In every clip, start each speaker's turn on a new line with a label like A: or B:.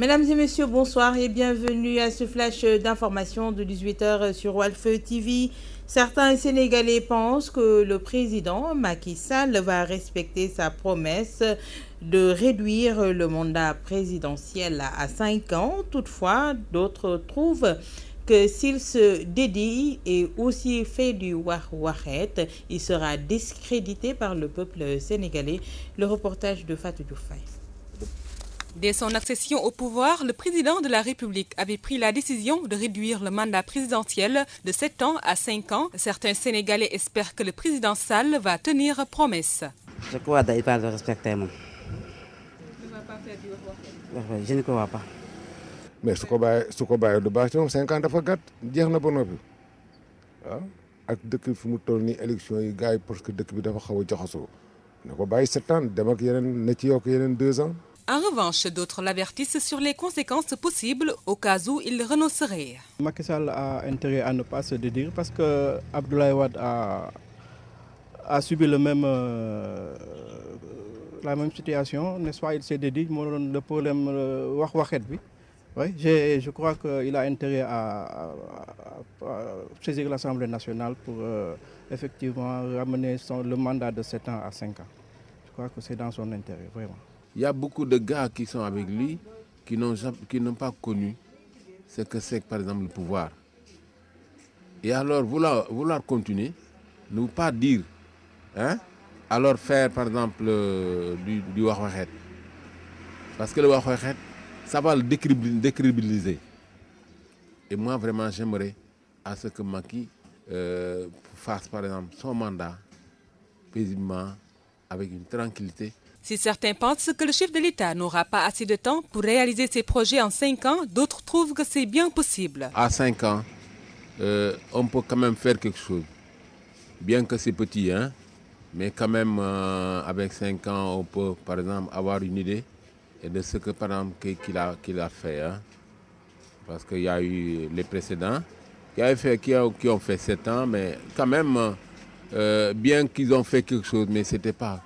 A: Mesdames et messieurs, bonsoir et bienvenue à ce flash d'information de 18h sur Walf TV. Certains Sénégalais pensent que le président Macky Sall va respecter sa promesse de réduire le mandat présidentiel à 5 ans. Toutefois, d'autres trouvent que s'il se dédie et aussi fait du war il sera discrédité par le peuple sénégalais. Le reportage de Fatou Diouf Dès son accession au pouvoir, le président de la République avait pris la décision de réduire le mandat présidentiel de 7 ans à 5 ans. Certains Sénégalais espèrent que le président Sall va tenir promesse. Je crois qu'il va le respecter moom.
B: Il ne va mais su ko bàyyee su ko bàyyee du baax ci moom 5 ans dafa gàtt jeex na ba noppi waaw ah, ak dëkk fi mu toll nii élection yi gars yi parce que dëkk bi dafa xaw a joxasoo na ko bàyyi 7 ans dem ak yeneen na ci yokk yeneen 2 ans.
A: En revanche, d'autres l'avertissent sur les conséquences possibles au cas où il renoncerait.
C: Macky Sall a intérêt à ne pas se dédire parce que Abdoulaye Wade a, a subi le même, euh, la même situation, n'est-ce pas Il s'est dédié, le problème euh, oui. Oui, je crois qu'il a intérêt à, à, à saisir l'Assemblée nationale pour euh, effectivement ramener son, le mandat de 7 ans à 5 ans. Je crois que c'est dans son intérêt, vraiment.
B: Il y beaucoup de gars qui sont avec lui qui n'ont pas connu ce que c'est, par exemple, le pouvoir. Et alors, vouloir, continuer, ne pas dire, hein, alors faire, par exemple, euh, du, du wahwahet. Parce que le wahwahet, ça va le décribiliser. Et moi, vraiment, j'aimerais à ce que Maki euh, fasse, par exemple, son mandat paisiblement, avec une tranquillité,
A: Si certains pensent que le chef de l'État n'aura pas assez de temps pour réaliser ses projets en cinq ans, d'autres trouvent que c'est bien possible.
B: À cinq ans, euh, on peut quand même faire quelque chose. Bien que c'est petit, hein, mais quand même, euh, avec cinq ans, on peut, par exemple, avoir une idée de que, par exemple, qu'il a, qu'il a fait. Hein. Parce qu'il y a eu les précédents qui, ont fait sept ans, mais quand même, euh, bien qu'ils ont fait quelque chose, mais c'était pas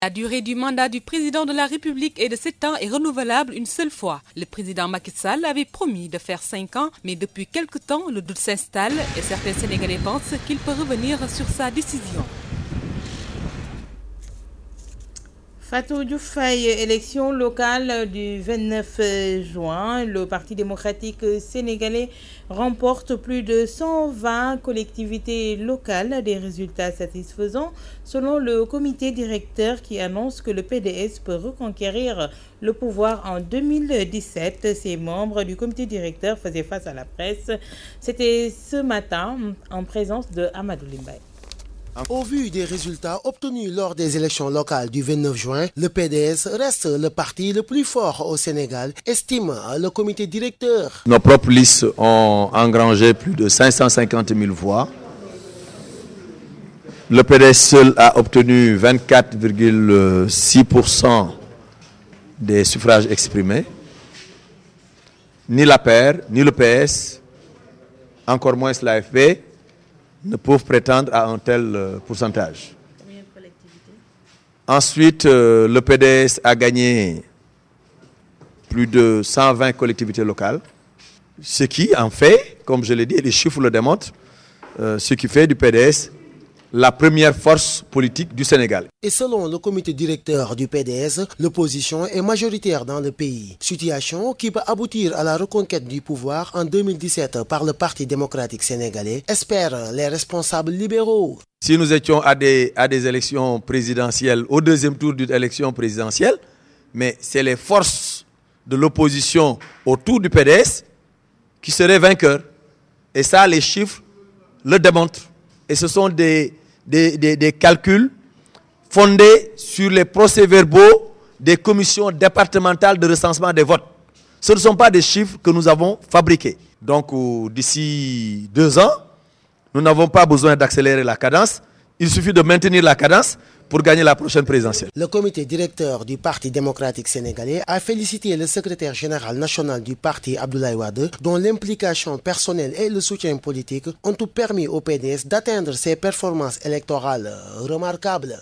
A: La durée du mandat du président de la République est de 7 ans et renouvelable une seule fois. Le président Macky Sall avait promis de faire 5 ans, mais depuis quelque temps, le doute s'installe et certains Sénégalais pensent qu'il peut revenir sur sa décision. Fatou Diouf Faye élection locale du 29 euh, juin le Parti démocratique sénégalais remporte plus de 120 collectivités locales des résultats satisfaisants selon le comité directeur qui annonce que le PDS peut reconquérir le pouvoir en 2017 ses membres du comité directeur faisaient face à la presse c'était ce matin en présence de Amadou
D: Au vu des résultats obtenus lors des élections locales du 29 juin, le le parti le plus fort au Sénégal, estime le comité directeur.
B: Nos propres
E: listes ont engrangé plus de 550 000 voix. Le PDS seul a obtenu 24,6% des suffrages exprimés. Ni la PR, ni le PS, encore moins ne peuvent prétendre à un tel euh, pourcentage. Ensuite, euh, le PDS a gagné plus de 120 collectivités locales, ce qui en fait, comme je l'ai dit, et les chiffres le démontrent, euh, ce qui fait du PDS la première force politique du Sénégal.
D: Et selon le comité directeur du PDS, l'opposition est majoritaire dans le pays. Situation qui peut à la reconquête du pouvoir en 2017 par le Parti démocratique sénégalais, espèrent les responsables libéraux.
E: Si nous à des, à des élections présidentielles, au deuxième tour d'une élection présidentielle, mais c'est les forces de l'opposition autour du PDS qui seraient vainqueurs. Et ça, les chiffres le démontrent. Et ce sont des, des, des calculs fondés sur les procès-verbaux des commissions départementales de recensement des votes. Ce ne sont pas des chiffres que nous avons fabriqués. Donc euh, d'ici deux ans, nous n'avons pas besoin d'accélérer la cadence. Il suffit de maintenir la cadence pour gagner la prochaine présidentielle.
D: Le comité directeur du Parti démocratique sénégalais a félicité le secrétaire général national du parti Abdoulaye Wade, dont l'implication personnelle et le soutien politique ont tout permis au PDS d'atteindre ses performances électorales remarquables.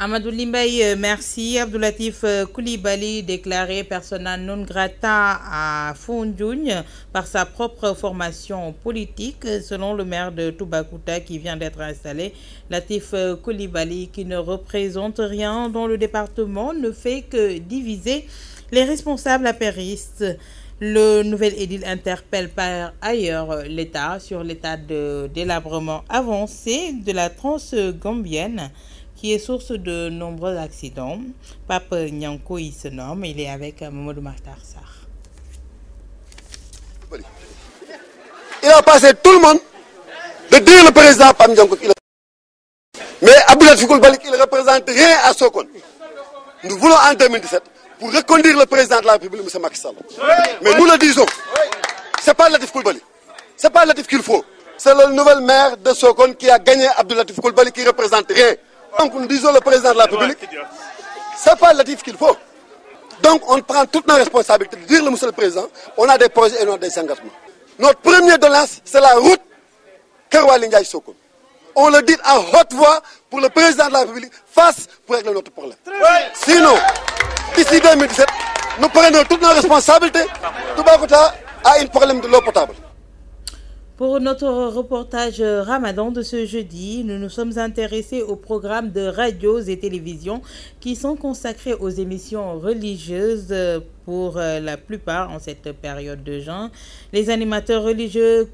A: Amadou Limbay, euh, merci. Abdoulatif euh, Koulibaly, déclaré persona non grata à Fondjoun par sa propre formation politique, selon le maire de Toubakouta qui vient d'être installé. Latif euh, Koulibaly, qui ne représente rien dans le département, ne fait que diviser les responsables apéristes. Le nouvel édile interpelle par ailleurs l'État sur l'état de délabrement avancé de la transe gambienne. qui est source de nombreux accidents. Pape Nyanko, il se nomme, il est avec euh, Mamadou Mahtar
D: Il a passé tout le monde de dire le président Pape A... Mais Abdoulat Fikoul Balik, il ne représente rien à Sokon. Nous voulons en 2017 pour reconduire le président de la République, M. Macky Sall. Mais nous le disons, ce pas Latif Koulibaly, ce pas Latif qu'il faut. C'est le nouvel maire de Sokon qui a gagné Abdoulatif Koulibaly qui représente Donc nous disons le président de la République, c'est pas letif qu'il faut. Donc on prend toute nos responsabilités de dire le monsieur le président, on a des projets et on a des engagements. Notre première doléance, c'est la route Kerwalingaï Sokol. On le dit à haute voix pour le président de la République face pour régler notre problème. Sinon, d'ici nous prenons toutes nos responsabilités. Toubacouta a un problème de l'eau potable. Pour notre reportage
A: Ramadan de ce jeudi, nous nous sommes intéressés aux programmes de radios et télévisions qui sont consacrés aux émissions religieuses pour euh, la plupart en cette période de jeûne. Les animateurs religieux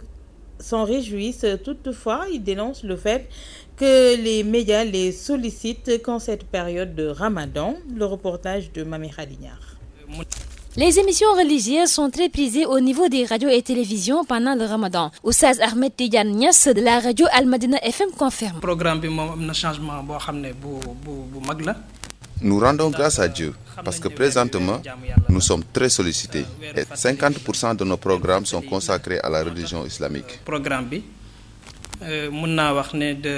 A: s'en réjouissent, toutefois, ils dénoncent le fait que les médias les sollicitent qu'en cette période de Ramadan. Le reportage de Mami Khalignard. Les émissions
F: religieuses sont très prisées au niveau des radios et télévisions pendant le ramadan Oustaz Ahmed Tidiane Niass de la rajo Almadina FM confirme.
G: programme bi moom am na changement boo xam ne bu bu mag la.
B: Nous rendons grâce à Dieu parce que présentement, nous sommes très sollicités et 50% de nos programmes sont consacrés à la religion islamique.
G: programme bi. Euh, mën naa wax ne de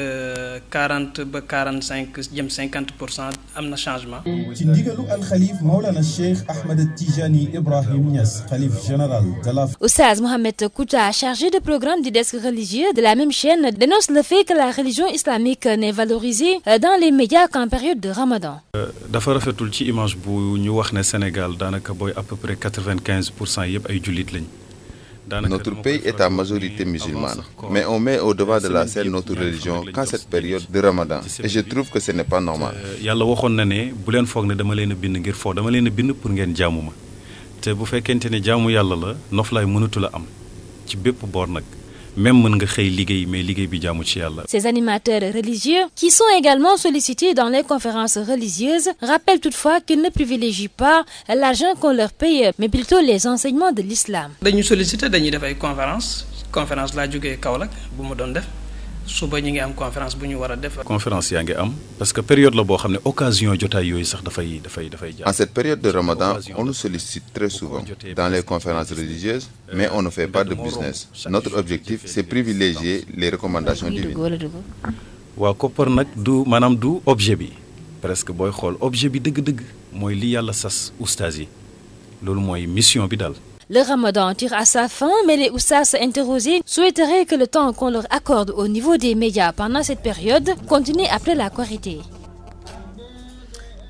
G: quarante ba quarante cinq jëm cinquante pour cent am na changement. ci
C: ndigalu alxalif Maulana Cheikh Ahmed Tijani Ibrahim
E: Niass xalif général de la.
F: Oustaz Mohamed Kouta chargé de programme du desk religieux de la même chaîne dénonce le fait que la religion islamique n'est valorisée euh, dans les médias qu'en période de Ramadan.
C: Euh, dafa rafetul ci image bu ñu wax ne Sénégal daanaka booy à peu près quatre
B: pour cent yëpp ay jullit lañ. Notre pays est à majorité musulmane, mais on met au devant de la scène notre religion qu'en cette période de Ramadan. Et je
C: yàlla waxoon na ne bu leen foog ne dama leen a bind ngir foo dama leen a bind pour ngeen jaamu ma te bu fekkente ne jaamu yàlla la noflaay mënatul a am ci bépp boor nag. même mën nga xëy
G: liggéey mais liggéey bi jaamu ci yàlla.
F: Ces animateurs religieux qui sont également sollicités dans les conférences religieuses rappellent toutefois qu'ils ne privilégient pas l'argent qu'on leur paye mais plutôt
G: les enseignements de l'islam. dañu sollicité dañuy def ay conférences conférence laa jógee Kaolack bu ma doon def. suba ñu ngi am conférence bu ñu war a def.
B: conférence yaa ngi am parce que période la boo xam ne occasion jotaay yooyu sax dafay dafay dafay. en cette période de Ramadan on nous sollicite très souvent dans les conférences religieuses euh, mais on ne fait pas de business notre objectif c'est privilégier les recommandations divines. waaw koppar nag du maanaam du objet bi
C: presque booy xool objet bi dëgg-dëgg mooy lii yàlla sas oustaz loolu mooy mission bi daal.
F: Le ramadan tire à sa fin, mais les Oussas interrogés souhaiteraient que le temps qu'on leur accorde au niveau des médias pendant cette période continue après la Korité.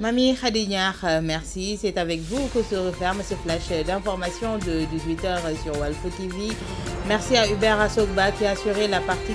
A: Mamie Khadignard, euh, merci. C'est avec vous que se referme ce flash d'information de 18h sur Walfo TV. Merci à Hubert Assogba qui a assuré la partie.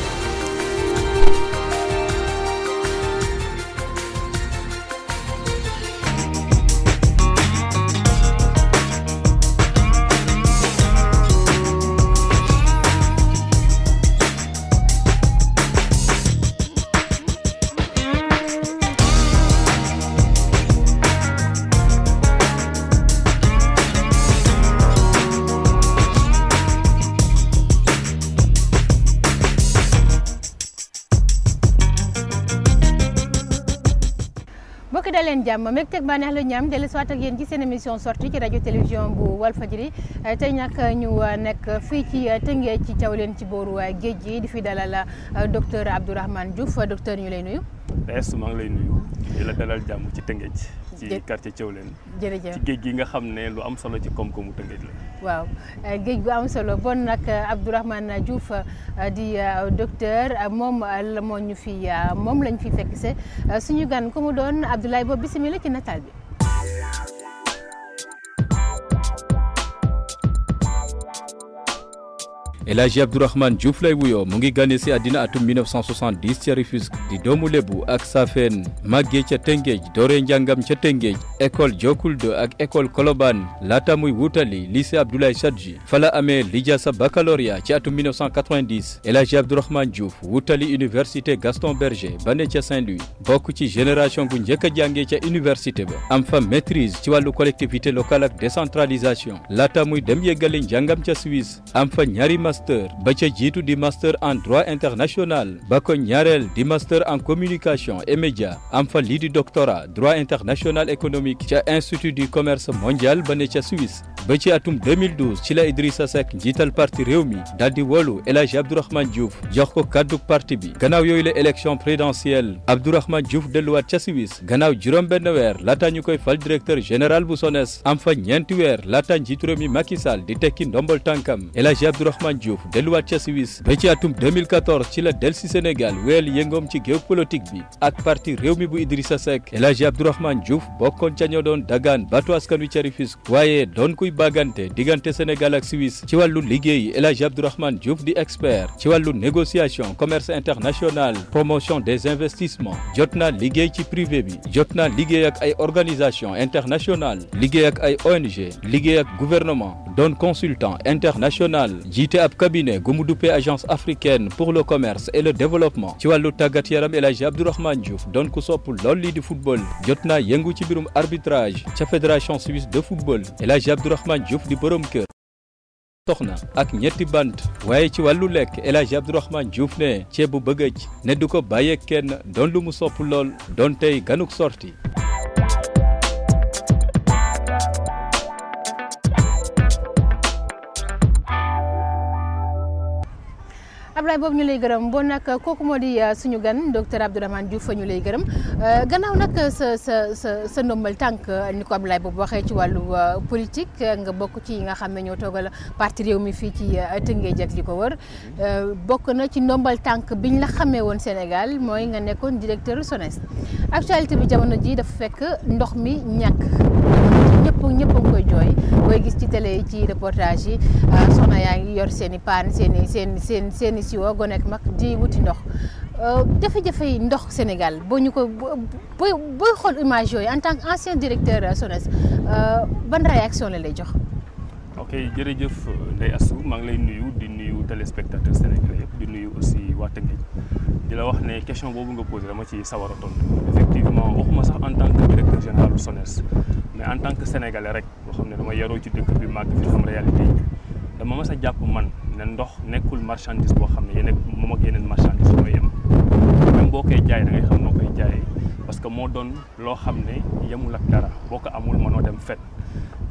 H: dala leen jàmm meg teg bànneex la ñu am dellu siwaat ak yéen ci seen émission sortie ci rajo télévision bu Walfadjri eh, tey nag ñu eh, nekk fii ci eh, Tëngéej ci caw leen ci booru géej gi di fi dalal docteur Abdourahmane Diouf docteur ñu lay nuyu.
C: maa ngi lay nuyu di la dalal jàmm ci Tëngéej. ci quartier Thiawlène jërëjëf ci géej gi nga xam ne lu am solo ci koom-koomu Tëngéej la
H: waaw eh, géej gu am solo bon nag Abdourahmane Diouf eh, di eh, docteur moom la moo ñu fi moom lañ fi fekk se suñu gan ku mu doon Abdoulaye Ba bisimilah ci nataal bi
G: El Hadji Abdourahmane Diouf lay wuyoo mu ngi gane si àddina atum ca Rufisque di doomu lebu ak Safeen màggee ca Tëngéej dooree njàngam ca Tëngéej école Jokulde ak école Kolobaan laata muy wutali lycée Abdoulaye Sadji fala amee lijaasa baccalauréat ci atum 1990 El Hadji Abdourahmane Diouf wutali université Gaston Berger ba ca Saint-Louis bokk ci génération gu njëkk a jàngee ca université ba am fa maîtrise ci wàllu collectivité locale ak décentralisation laata muy dem master ba ca jiitu di master en droit international ba ko ñaareel di master en communication et média am fa lii di doctorat droit international économique ca institut du commerce mondial ba ne ca Suisse ba ci atum 2012 ci la Idrissa Seck njiital parti réew mi daal di wolu El Hadj Abdourahmane Diouf jox ko kàddu parti bi gannaaw yooyu la élection présidentielle Abdourahmane Diouf delluwaat ca Suisse gannaaw juróom-benn weer laataa ñu koy fal directeur général bu SONES am fa weer laataa njiitu réew mi di tekki ndombol tànkam Diouf delluwaat ca Suisse ba ci atum 2014 ci la del si Sénégal weel yëngoom ci géew politique bi ak parti réew mi bu Idrissa Seck El Hadji Abdourahmane Diouf bokkoon ca ñoo doon dagaan batu askan wi ca Rufisque waaye doon kuy bàggante diggante Sénégal ak Suisse ci wàllu liggéey El Hadji Abdourahmane Diouf di expert ci wàllu négociation commerce international promotion des investissements jot na liggéey ci privé bi jot na liggéey ak ay organisation internationale liggéey ak ay liggéey ak gouvernement doon consultant international jiite ab cabinet gu mu duppee agence africaine pour le commerce et le développement ci wàllu tàggat yaram El Hadji Abdourahmane Diouf doon ku sopp lool lii di football jot naa yëngu ci mbirum arbitrage ca fédération suisse de football El Hadji Abdourahmane Diouf di borom kër soxna ak ñetti bant waaye ci wàllu lekk El Hadji Abdourahmane Diouf ne ceeb bu ci ne du ko bàyyee kenn doon lu mu sopp lool doon tey ganuk sorti
H: Ablaye boobu ñu lay gërëm bon nag kooku moo di euh, suñu gan docteur Abdourahmane Diouf ñu lay gërëm euh, gannaaw nag sa sa sa sa ndombal tànk euh, ni ko Ablaye boobu waxee ci wàllu politique nga bokk ci yi nga xam ne ñoo toogal parti réew mi fii ci Tëngéej ak li ko wër mhm. bokk na ci ndombal tànk bi ñu la xamee woon Sénégal mooy nga nekkoon directeur SONES actualité bi jamono ji dafa fekk ndox mi ñàkk. ñëpp ñëpp a koy jooy booy gis ci télé yi ci reportage yi ah, soxna yaa ngi yor seen i paan seen i seen seen seen i gone ak mag di wuti ndox euh, jafe-jafe yi ndox Sénégal boo ñu ko booy booy xool image yooyu en tant que ancien directeur SONES euh, ban réaction la lay jox.
C: ok jërëjëf Ndeye Assou maa ngi lay nuyu di nuyu téléspectateur Sénégal yëpp di nuyu aussi waa Tëngéej di la wax ne question boobu nga posé dama ci sawar a tontu effectivement waxuma sax en tant que directeur général SONES mais en tant que sénégalais rek boo xam ne dama yaroo ci dëkk bi màgg fi xam réalité dama ma a jàpp man ne ndox nekkul marchandise boo xam ne yéen moom ak yeneen marchandise mooy yem même boo koy jaay da ngay xam noo koy jaay parce que moo doon loo xam ne yemul ak dara boo ko amul noo dem fet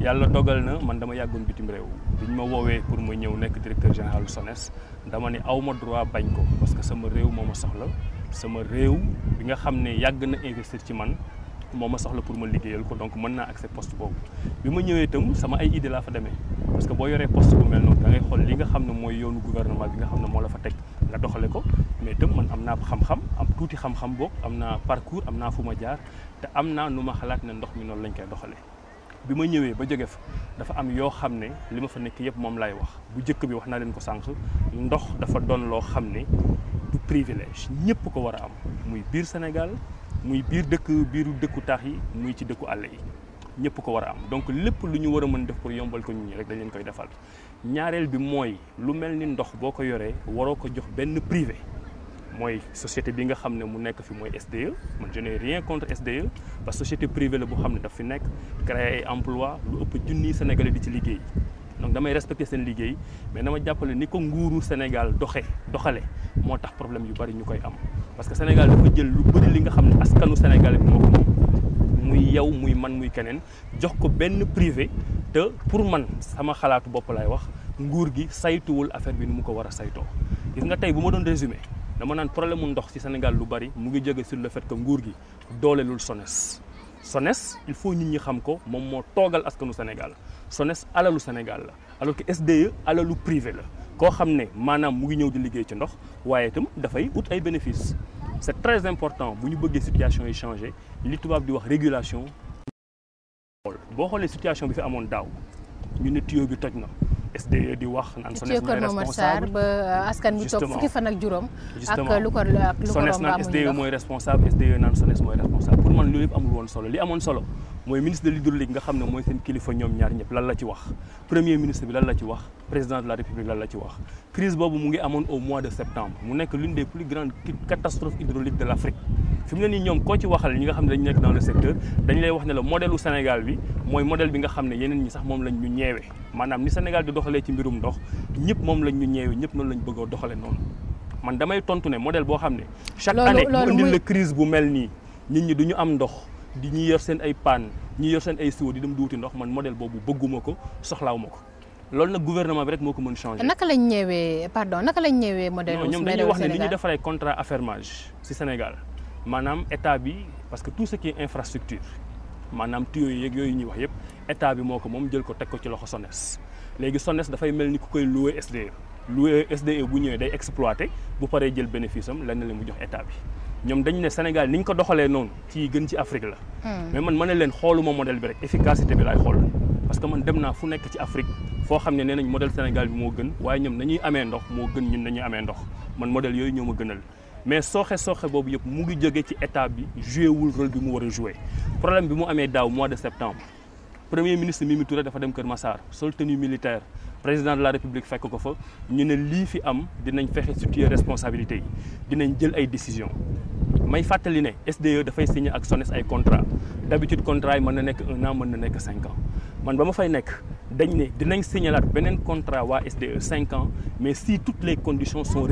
C: yàlla dogal na man dama yàggoon bitim réew ñu ma woowee pour ma ñëw nekk directeur général SONES dama ne aw ma droit bañ ko parce que sama réew moo ma soxla sama réew bi nga xam ne yàgg na investir ci man moo ma soxla pour ma liggéeyal ko donc mën naa accès poste boobu. bi ma ñëwee itam sama ay idée laa fa demee parce que boo yoree post bu mel noonu da xool li nga xam ne mooy yoonu gouvernement bi nga xam ne moo la fa teg nga doxale ko mais itam man am naa xam am tuuti xam-xam am naa parcours am naa fu ma jaar te am naa nu ma xalaat ne ndox mi noonu lañ koy doxalee. bi ma ñëwee ba jóge fa dafa am yoo xam ne li ma fa nekk yëpp moom lay wax bu jëkk bi wax naa leen ko sànq ndox dafa doon loo xam ne du privilège ñëpp ko war a am muy biir Sénégal muy biir dëkk biiru dëkku taax yi muy ci dëkku àll yi ñëpp ko war a am donc lépp lu ñu war a mën def pour yombal ko nit ñi rek dañ leen koy defal ñaareel bi mooy lu mel ni ndox boo ko yoree waroo ko jox benn privé mooy société bi nga xam ne mu nekk fi mooy SDE man je n'ai rien contre SDE parce que société privée la boo xam ne dafa fi nekk créer ay emploi lu ëpp junniy sénégalais di ci liggéey donc damay respecter seen liggéey mais dama jàppale ni ko nguuru Sénégal doxe doxale moo tax problème yu bari ñu koy am parce que Sénégal dafa jël lu bari li nga xam ne askanu Sénégal bi moo ko muy yow muy man muy keneen jox ko benn privé te pour man sama xalaatu bopp laay wax nguur gi saytuwul affaire bi ni mu ko war a saytoo gis nga tey bu ma doon résumé dama naan problème mu ndox ci Sénégal lu bari mu ngi jóge sur le fait que nguur gi dooleelul SONES SONES il faut nit ñi xam ko moom moo toogal askanu Sénégal SONES alalu Sénégal la alors que SDE alalu privé la koo xam ne maanaam mu ngi ñëw di liggéey ci ndox waaye itam dafay ut ay bénéfices c'est très important bu ñu bëggee situation yi changer li tubaab di wax régulation. boo xoolee situation bi fi amoon daaw ñu ne tuyau bi toj na. SDE di wax naan SONES mooy responsable ba
H: euh, askan bi toog fukki fan ak juróom ak lu ko lu ko SONES naan SDE mooy
C: responsable SDE naan SONES mooy responsable pour man loolu yëpp amul woon solo li amoon solo mooy ministre de l'hydraulique nga xam ne mooy seen kilifa ñoom ñaar ñëpp lan la ci wax premier ministre bi lan ci wax président de la république lan la ci wax crise boobu mu ngi amoon au mois de septembre mu nekk l'une des plus grandes catastrophes hydrauliques de l'Afrique fi mu ne nii ñoom koo ci waxal ñi nga xam ne dañu nekk dans le secteur dañu lay wax ne la Sénégal bi mooy modèle bi nga xam ne yeneen ñi sax moom lañ ñu ñeewee maanaam ni Sénégal di doxalee ci mbirum ndox ñëpp moom lañ ñu ñeewee ñëpp noonu lañ bëgg a doxale man damay tontu ne modèle boo xam ne chaque année mu indil la mel nii nit ñi duñu am ndox di ñuy yor seen ay paan ñu yor seen ay siwo di dem di ndox man model boobu bëgguma ko soxlaaw ko loolu nag gouvernement bi rek moo ko mën changer.
H: naka lañ ñëwee pardon naka lañ ñëwee modèle ñoom dañuy wax ne li ñu
C: defaree contrat affermage ci Sénégal maanaam état bi parce que tout ce qui est infrastructure maanaam tuyaux yeeg yooyu ñuy wax yëpp état bi moo ko moom jël ko teg ko ci loxo SONES léegi SONES dafay mel ni ku koy loué SDE loué SDE bu ñëwee day exploité bu paree jël bénéfice am lenn la mu jox état bi. ñoom dañu ne Sénégal ni ñu ko doxalee noonu ci gën ci Afrique la. Hmm. mais man ma ne leen xooluma modèle bi rek efficacité bi laay xool parce que man dem naa fu nekk ci Afrique foo xam ne nee nañ modèle Sénégal bi moo gën waaye ñoom nañuy amee ndox moo gën ñun nañuy amee ndox man modèle yooyu ñoo ma gënal. mais sooxe sooxe boobu yëpp mu ngi jóge ci état bi joué wul rôle bi mu war a problème bi mu amee daaw mois de septembre premier ministre Mimi Touré dafa dem Kër Massar sol tenue militaire. président de la république fekk ko fa ñu ne lii fi am dinañ fexe situer responsabilité yi dinañ jël ay décision may fàttali ne SDE dafay signé ak SONES ay contrat d'habitude contrat yi mën na nekk un an mën na nekk cinq ans man ba
G: ma fay nekk dañ ne dinañ signalaat beneen contrat waa SDE cinq ans mais si toutes les conditions sont